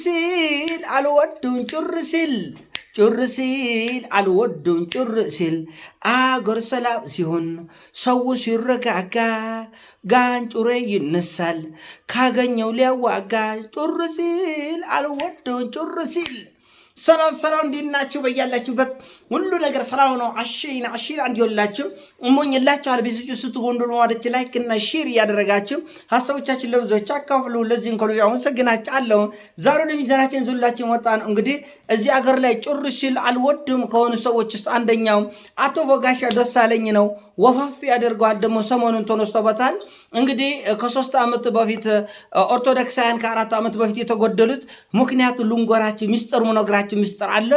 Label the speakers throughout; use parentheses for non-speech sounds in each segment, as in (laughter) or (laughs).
Speaker 1: ሲል አልወዱን ጩር ሲል ጩር ሲል አልወዱን ጩር ሲል አገር ሰላም ሲሆን ሰው ሲረጋጋ ጋንጩሬ ይነሳል ካገኘው ሊያዋጋ ጩር ሲል አልወዱን ጩር ሲል ሰላም ሰላም፣ እንዴት ናችሁ? በያላችሁበት ሁሉ ነገር ሰላም ነው። አሽሪን አሺር እንዲሆንላችሁ እሞኝላችኋል። ቤዞቹ ስቱ ጎንዶሎ ማደች ላይክ እና ሼር እያደረጋችሁ ሀሳቦቻችን ለብዙዎች አካፍሉ። ለዚህ እንኳን አሁን ሰግናች አለው ዛሬ ለሚዘናችን ዞላችን ወጣን እንግዲህ እዚህ አገር ላይ ጭር ሲል አልወድም ከሆኑ ሰዎች ውስጥ አንደኛው አቶ በጋሻ ደሳለኝ ነው። ወፋፍ ያደርገዋል ደግሞ ሰሞኑን ተነስቶበታል። እንግዲህ ከሶስት ዓመት በፊት ኦርቶዶክሳውያን ከአራት ዓመት በፊት የተጎደሉት ምክንያቱ ልንጎራችሁ ሚስጥር ምነግራችሁ ሚስጥር አለ።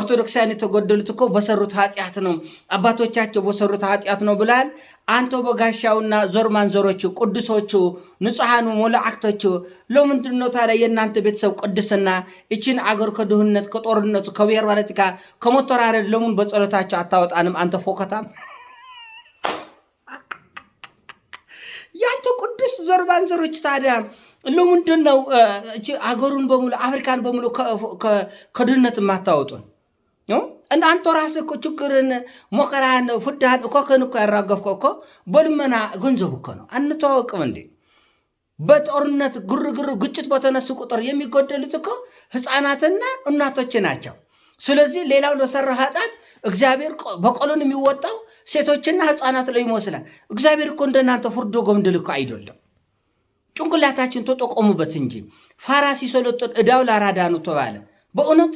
Speaker 1: ኦርቶዶክሳውያን የተጎደሉት እኮ በሰሩት ኃጢአት ነው አባቶቻቸው በሰሩት ኃጢአት ነው ብላል። አንተ በጋሻውና ዞር ማንዞሮቹ ቅዱሶቹ ንጹሐኑ መላእክቶቹ ለምንድን ነው ታዲያ የእናንተ ቤተሰብ ቅዱስና እችን አገር ከድህነት ከጦርነቱ ከብሔር ባለቲካ ከመተራረድ ለምን በጸሎታቸው አታወጣንም? አንተ ፎከታም (laughs) ያንተ ቅዱስ ዞር ማንዞሮች ታዲያ ለምንድን ነው አገሩን በሙሉ አፍሪካን በሙሉ ከድህነት የማታወጡን? እንዳንተ ራስ እኮ ችግርን፣ መከራን፣ እኮ እኮክን እኮ ያራገፍከው እኮ በልመና ገንዘብ እኮ ነው። አንተዋወቅም እንዴ? በጦርነት ግርግር፣ ግጭት በተነሱ ቁጥር የሚጎደሉት እኮ ህፃናትና እናቶች ናቸው። ስለዚህ ሌላው ለሰራ ኃጢአት እግዚአብሔር በቀሉን የሚወጣው ሴቶችና ህፃናት ላይ ይመስላል። እግዚአብሔር እኮ እንደናንተ ፍርዶ ጎምድል እኮ አይደለም። ጭንቅላታችን ተጠቆሙበት እንጂ ፋራ ሲሰለጥን እዳው ላራዳኑ ተባለ በእውነት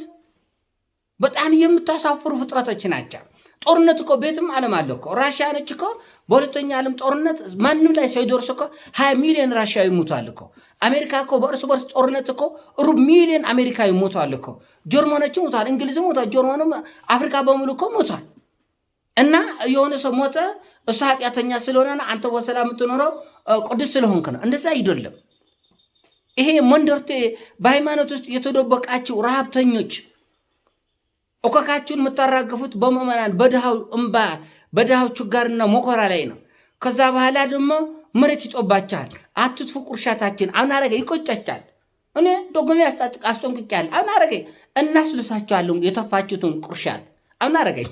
Speaker 1: በጣም የምታሳፍሩ ፍጥረቶች ናቸው። ጦርነት እኮ ቤትም ዓለም አለ እኮ ራሽያ ነች እኮ በሁለተኛ ዓለም ጦርነት ማንም ላይ ሳይደርስ እኮ ሀያ ሚሊዮን ራሽያዊ ሞቷል እኮ። አሜሪካ እኮ በእርስ በርስ ጦርነት እኮ ሩብ ሚሊዮን አሜሪካዊ ሞቷል እኮ። ጀርመኖች ሞቷል፣ እንግሊዝ ሞቷል፣ ጀርመንም አፍሪካ በሙሉ እኮ ሞቷል። እና የሆነ ሰው ሞተ እሱ ኃጢአተኛ ስለሆነ አንተ በሰላም የምትኖረው ቅዱስ ስለሆንክ ነው። እንደዛ አይደለም። ይሄ መንደርቴ በሃይማኖት ውስጥ የተደበቃቸው ረሃብተኞች እኮካችሁን የምታራግፉት በምዕመናን በድሃው እምባ በድሃው ችጋርና መከራ ላይ ነው። ከዛ በኋላ ደግሞ መሬት ይጦባችኋል። አትጥፉ ቁርሻታችን አሁን አረገ ይቆጫቻል። እኔ ዶጎሜ ያስጣጥቅ አስጠንቅቄያለሁ። አሁን አረገ እናስልሳችኋለሁ የተፋችሁትን ቁርሻት አሁን አረገኝ።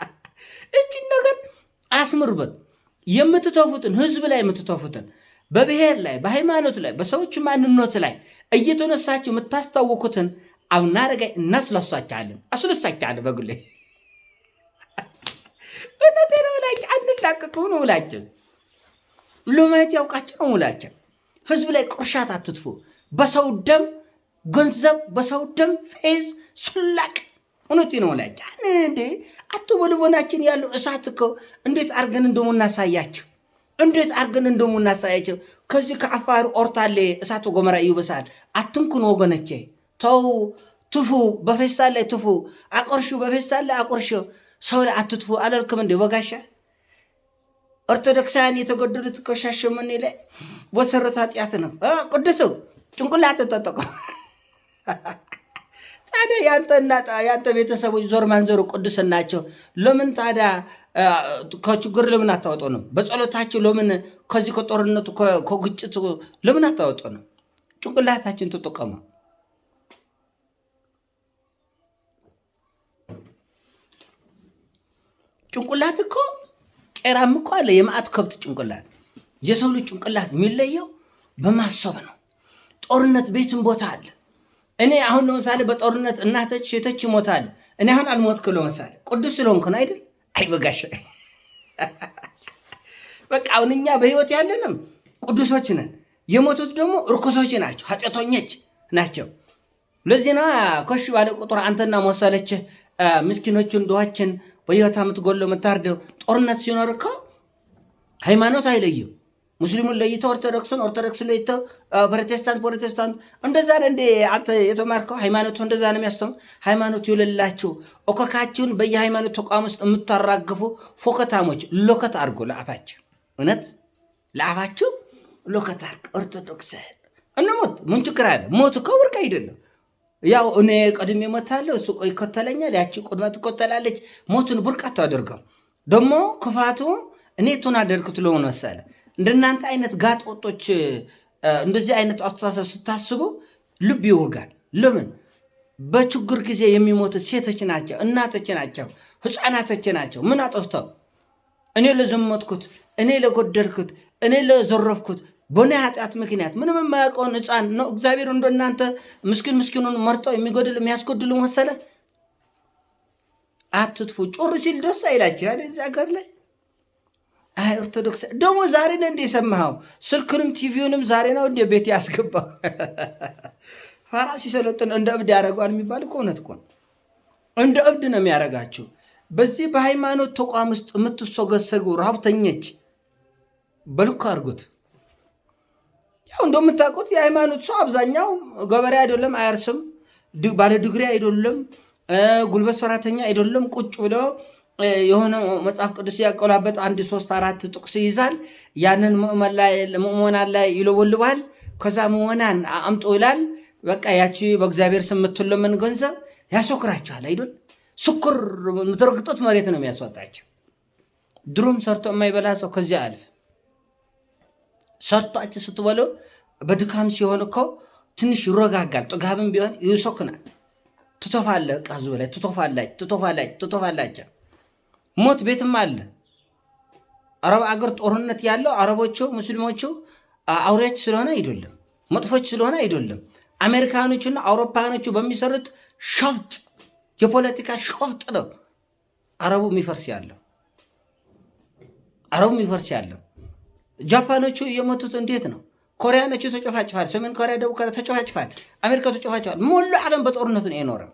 Speaker 1: (laughs) እቺ ነገር አስምሩበት። የምትተፉትን ህዝብ ላይ የምትተፉትን በብሔር ላይ በሃይማኖት ላይ በሰዎች ማንነት ላይ እየተነሳችሁ የምታስታወቁትን። አቡናረጋይ እና ስላሷቻለን አስለሳቻለ በግሌ እውነቴን ነው ብላችሁ አንላቀቅም ነው ብላችሁ ሉመት ያውቃችሁ ነው ብላችሁ ህዝብ ላይ ቁርሻት አትትፉ። በሰው ደም ገንዘብ፣ በሰው ደም ፌዝ ስላቅ እውነቴን ነው ብላችሁ እንዴ አቶ በልቦናችን ያለው እሳት እኮ እንዴት አርገን እንደሞ እናሳያቸው፣ እንዴት አርገን እንደሞ እናሳያቸው። ከዚህ ከአፋር ኦርታሌ እሳተ ጎመራ ይበሳል። አትንኩን ወገነቼ ተው፣ ትፉ፣ በፌስታል ላይ ትፉ፣ አቆርሹ፣ በፌስታል ላይ አቆርሹ፣ ሰው ላይ አትትፉ አላልክም እንዴ ወጋሻ? ኦርቶዶክሳውያን የተጎደሉት እኮ ምን ላይ በሰሩት ኃጢአት ነው። ቅዱሱ ጭንቁላ ተጠቀሙ። (laughs) ታዲያ የአንተ ቤተሰቦች ዞር ማንዞሩ ቅዱስ ናቸው። ለምን ታዲያ ከችግር ለምን አታወጡ ነው? በጸሎታችሁ ለምን ከዚህ ከጦርነቱ ከግጭቱ ለምን አታወጡ ነው? ጭንቁላታችን ተጠቀሙ። ጭንቅላት እኮ ቄራም እኮ አለ የማዕት ከብት ጭንቅላት። የሰው ልጅ ጭንቅላት የሚለየው በማሰብ ነው። ጦርነት ቤትን ቦታ አለ። እኔ አሁን ለምሳሌ በጦርነት እናቶች፣ ሴቶች ይሞታል። እኔ አሁን አልሞትክ ለምሳሌ ቅዱስ ስለሆንክ ነው አይደል? አይ በጋሻ (laughs) በቃ አሁን እኛ በህይወት ያለንም ቅዱሶች ነን። የሞቱት ደግሞ እርኩሶች ናቸው፣ ኃጢአተኞች ናቸው። ለዚህ ነዋ ኮሽ ባለ ቁጥር አንተና መሰለችህ ምስኪኖችን ድሆችን በየታ የምትጎለው የምታርደው ጦርነት ሲኖር እኮ ሃይማኖት አይለይም። ሙስሊሙን ለይቶ ኦርቶዶክሱን፣ ኦርቶዶክስ ለይቶ ፕሮቴስታንት፣ ፕሮቴስታንት እንደዛ ነው። እንደ አንተ የተማርከው ሃይማኖቱ እንደዛ ነው የሚያስተምር። ሃይማኖት የሌላችሁ እኮካችሁን በየሃይማኖት ተቋም ውስጥ የምታራግፉ ፎከታሞች ሎከት አድርጎ ለአፋችሁ፣ እውነት ለአፋችሁ ሎከት አድርጎ ኦርቶዶክስ እንሞት ምን ችግር አለ? ሞት እኮ ውርቅ አይደለም። ያው እኔ ቀድሜ እሞታለሁ፣ እሱ ይከተለኛል፣ ያቺ ቅድመ ትከተላለች። ሞቱን ብርቀት አድርገው ደግሞ ክፋቱ ቱን አደርግት ለሆን መሰለ እንደናንተ አይነት ጋጥ ወጦች እንደዚህ አይነት አስተሳሰብ ስታስቡ ልብ ይወጋል። ለምን በችግር ጊዜ የሚሞቱት ሴቶች ናቸው፣ እናቶች ናቸው፣ ህፃናቶች ናቸው። ምን አጠፍተው እኔ ለዘመትኩት፣ እኔ ለጎደልኩት፣ እኔ ለዘረፍኩት በሆነ ኃጢአት ምክንያት ምንም የማያውቀውን ሕፃን ነው እግዚአብሔር እንደ እናንተ ምስኪን ምስኪኑን መርጦ የሚጎድል የሚያስጎድሉ መሰለ። አትጥፉ ጮር ሲል ደስ አይላችኋል። እዚ ሀገር ላይ አይ ኦርቶዶክስ ደግሞ ዛሬ ነው እንደ የሰማኸው ስልክንም ቲቪውንም ዛሬ ነው እንደ ቤት ያስገባ ፋራ (laughs) ሲሰለጥን እንደ እብድ ያደረገዋል የሚባል እኮ እውነት እኮ እንደ እብድ ነው የሚያደርጋችሁ። በዚህ በሃይማኖት ተቋም ውስጥ የምትሰገሰጉ ረሀብተኞች በልኩ አድርጉት። ያው እንደምታውቁት የሃይማኖት ሰው አብዛኛው ገበሬ አይደለም፣ አያርስም፣ ባለ ድግሪ አይደለም፣ ጉልበት ሰራተኛ አይደለም። ቁጭ ብሎ የሆነ መጽሐፍ ቅዱስ ያቆላበት አንድ ሶስት አራት ጥቅስ ይይዛል። ያንን ምእመናን ላይ ይለወልባል። ከዛ ምእመናን አምጦ ይላል። በቃ ያቺ በእግዚአብሔር ስም የምትለምን ገንዘብ ያሶክራቸዋል አይደል? ስኩር ምትረግጡት መሬት ነው የሚያስወጣቸው። ድሮም ሰርቶ የማይበላ ሰው ከዚያ አልፍ ሰርቷችሁ ስትበለው በድካም ሲሆን እኮ ትንሽ ይረጋጋል። ጥጋብም ቢሆን ይሶክናል። ትቶፋለ ዕቃ ላይ ትቶፋላች ትቶፋላች ትቶፋላች። ሞት ቤትም አለ። አረብ አገር ጦርነት ያለው አረቦቹ ሙስሊሞቹ አውሬዎች ስለሆነ አይደለም፣ መጥፎች ስለሆነ አይደለም። አሜሪካኖቹና አውሮፓኖቹ በሚሰሩት ሸፍጥ፣ የፖለቲካ ሸፍጥ ነው አረቡ የሚፈርስ ያለው አረቡ የሚፈርስ ያለው ጃፓኖቹ የመቱት እንዴት ነው? ኮሪያኖቹ ተጨፋጭፋል። ሰሜን ኮሪያ፣ ደቡብ ኮሪያ ተጨፋጭፋል። አሜሪካ ተጨፋጭፋል። ሙሉ ዓለም በጦርነቱ ነው የኖረው።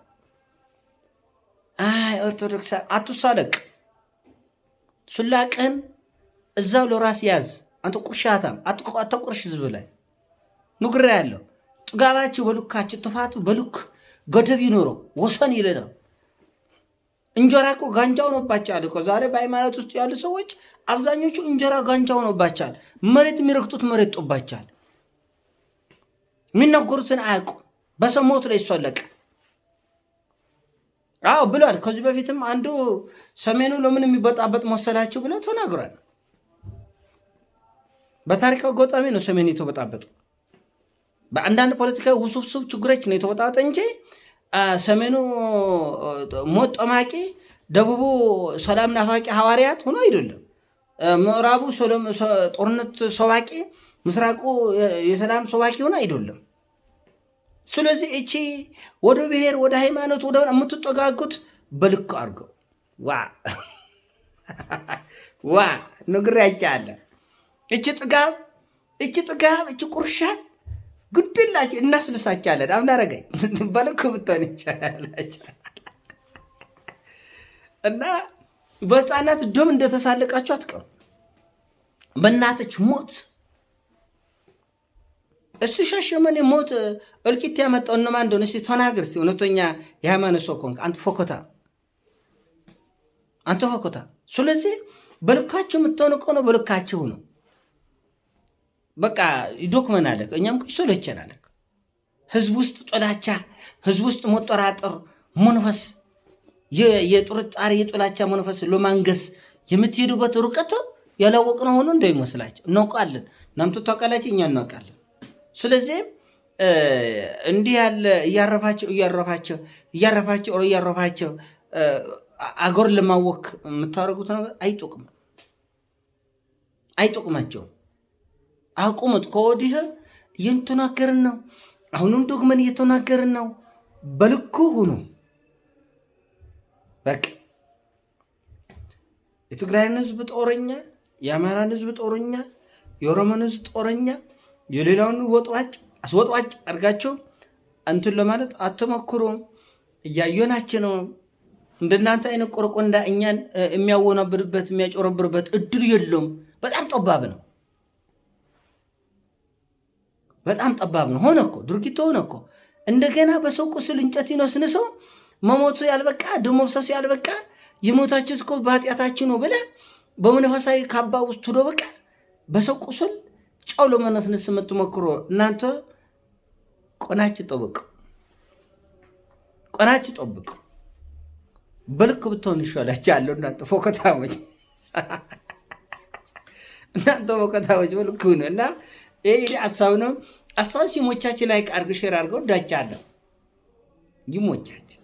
Speaker 1: አይ ኦርቶዶክስ አትሳለቅ። ሱላቅህን እዛው ለራስ ያዝ። አንተ ቁርሻታም አትቆርሽ። ህዝብ ላይ ንጉራ ያለው ጥጋባችሁ በልካችሁ ጥፋቱ በልክ ገደብ ይኖረው ወሰን ይልነው። እንጀራ እኮ ጋንጃው ነውባቸው አለ። ዛሬ በሃይማኖት ውስጥ ያሉ ሰዎች አብዛኞቹ እንጀራ ጋንጃ ሆኖባቸዋል። መሬት የሚረግጡት መሬት ጦባቸዋል። የሚናገሩትን አያውቁ በሰሞቱ ላይ ይሷለቀ አዎ ብሏል። ከዚህ በፊትም አንዱ ሰሜኑ ለምን የሚበጣበጥ መሰላችሁ ብሎ ተናግሯል። በታሪክ አጋጣሚ ነው ሰሜን የተበጣበጠ። በአንዳንድ ፖለቲካዊ ውስብስብ ችግሮች ነው የተበጣጠ እንጂ ሰሜኑ ሞት ጠማቂ፣ ደቡቡ ሰላም ናፋቂ ሐዋርያት ሆኖ አይደለም። ምዕራቡ ጦርነት ሰባቂ፣ ምስራቁ የሰላም ሰባቂ ሆነ አይደለም። ስለዚህ እቺ ወደ ብሔር ወደ ሃይማኖት ወደ የምትጠጋጉት በልክ አድርገው ዋ (laughs) ዋ ነግሬያቸዋለሁ። እቺ ጥጋብ እቺ ጥጋብ እቺ ቁርሻት ግድላቸው እናስልሳቸዋለን። አምናረገኝ (laughs) በልክ ብትሆን ይቻላላቸው (laughs) እና በህፃናት ደም እንደተሳለቃችሁ አትቀሩ። በእናቶች ሞት እስቲ ሻሸመኔ ሞት እልቂት ያመጣው እነማን እንደሆነ እስቲ ተናገር። እስቲ እውነተኛ የሃይማኖት ሰው ከሆንክ አንተ ፎኮታ አንተ ፎኮታ። ስለዚህ በልካችሁ የምትሆኑ ከሆነ በልካችሁ ነው። በቃ ዶክመን አለ። እኛም ሰለቸን አለ። ህዝብ ውስጥ ጦላቻ፣ ህዝብ ውስጥ መጠራጠር መንፈስ የጥርጣሬ የጥላቻ መንፈስ ለማንገስ የምትሄዱበት ርቀት ያላወቅ ነው ሆኖ እንዳይመስላቸው እናውቃለን። እናንተ ታውቃላችሁ፣ እኛ እናውቃለን። ስለዚህ እንዲህ ያለ እያረፋቸው እያረፋቸው እያረፋቸው እያረፋቸው አገር ለማወክ የምታደርጉት ነገር አይጠቅምም፣ አይጠቅማቸውም። አቁሙት። ከወዲህ እየተናገርን ነው፣ አሁንም ደግመን እየተናገርን ነው። በልኩ ሁኑ። በቃ የትግራይን ህዝብ ጦረኛ፣ የአማራን ህዝብ ጦረኛ፣ የኦሮሞን ህዝብ ጦረኛ፣ የሌላውን ወጥዋጭ አስወጥዋጭ አድርጋቸው እንትን ለማለት አትሞክሩም። እያየናችሁ ነው። እንደናንተ አይነት ቆረቆንዳ እኛን የሚያወናብርበት የሚያጨረብርበት እድሉ የለውም። በጣም ጠባብ ነው። በጣም ጠባብ ነው። ሆነ እኮ ሆነ እኮ እንደገና በሰው ቁስል እንጨት ይነስንሰው መሞቱ ያልበቃ ደም መፍሰሱ ያልበቃ የሞታችሁት እኮ በኃጢአታችሁ ነው ብለ በመንፈሳዊ ካባ ውስጥ ሂዶ በቃ በሰው ቁስል ጨው ለመነስነት የምትሞክሮ እናንተ ቆናች ጠብቅ፣ ቆናች ጠብቅ፣ በልክ ብትሆን ይሻላች ይሻላችኋል። እናንተ ፎከታዎች፣ እናንተ ፎከታዎች በልክ ሁኑ እና ይህ ሀሳብ ነው። አሳብ ሲሞቻችን ላይ አርግ ሼር አድርገው እዳቻለሁ ይሞቻችን